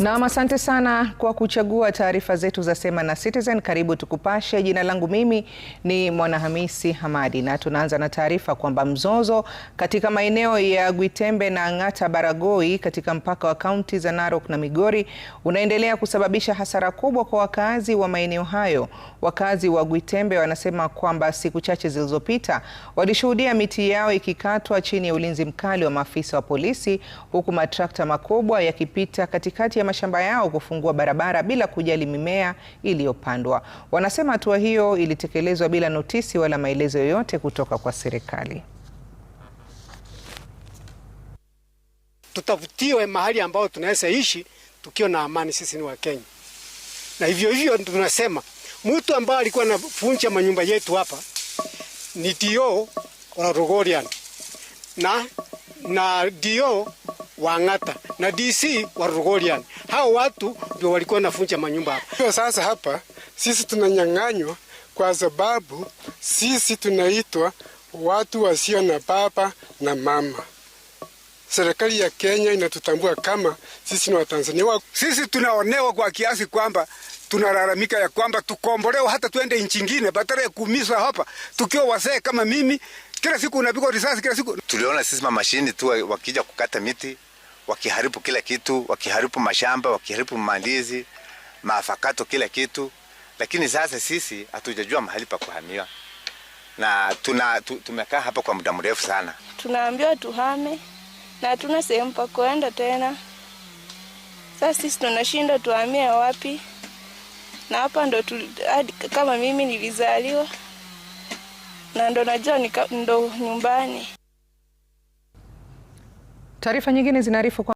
Nam, asante sana kwa kuchagua taarifa zetu za Sema na Citizen. Karibu tukupashe. Jina langu mimi ni Mwanahamisi Hamadi, na tunaanza na taarifa kwamba mzozo katika maeneo ya Gwitembe na ngata Baragoi katika mpaka wa kaunti za Narok na Migori unaendelea kusababisha hasara kubwa kwa wakazi wa maeneo hayo. Wakazi wa Gwitembe wanasema kwamba siku chache zilizopita walishuhudia miti yao ikikatwa chini ya ulinzi mkali wa maafisa wa polisi, huku matrakta makubwa yakipita katikati ya ya mashamba yao kufungua barabara bila kujali mimea iliyopandwa. Wanasema hatua hiyo ilitekelezwa bila notisi wala maelezo yoyote kutoka kwa serikali. Tutafutiwe mahali ambao tunaweza ishi tukiwa na amani, sisi ni Wakenya. Na hivyo hivyo tunasema mtu ambaye alikuwa anafunja manyumba yetu hapa ni dio wa Rogorian na na dio wa Ng'ata na DC wa Rogorian hao watu ndio walikuwa nafunja manyumba hapa. Kwa sasa hapa sisi tunanyang'anywa kwa sababu sisi tunaitwa watu wasio na baba na mama. Serikali ya Kenya inatutambua kama sisi ni Watanzania. Sisi tunaonewa kwa kiasi kwamba tunalalamika ya kwamba tukombolewa hata tuende nchi nyingine badala ya kuumizwa hapa tukiwa wasee kama mimi, kila siku unapigwa risasi, kila siku tuliona sisi mamashini tu wakija kukata miti wakiharibu kila kitu, wakiharibu mashamba, wakiharibu mandizi, maafakato, kila kitu. Lakini sasa sisi hatujajua mahali pa kuhamia na tuna tu, tumekaa hapa kwa muda mrefu sana. Tunaambiwa tuhame na hatuna sehemu pa kuenda tena. Sasa sisi tunashindwa tuhamie wapi? Na hapa ndo tu, hadi kama mimi nilizaliwa na ndo najua ndo nyumbani. Taarifa nyingine zinaarifu kwa...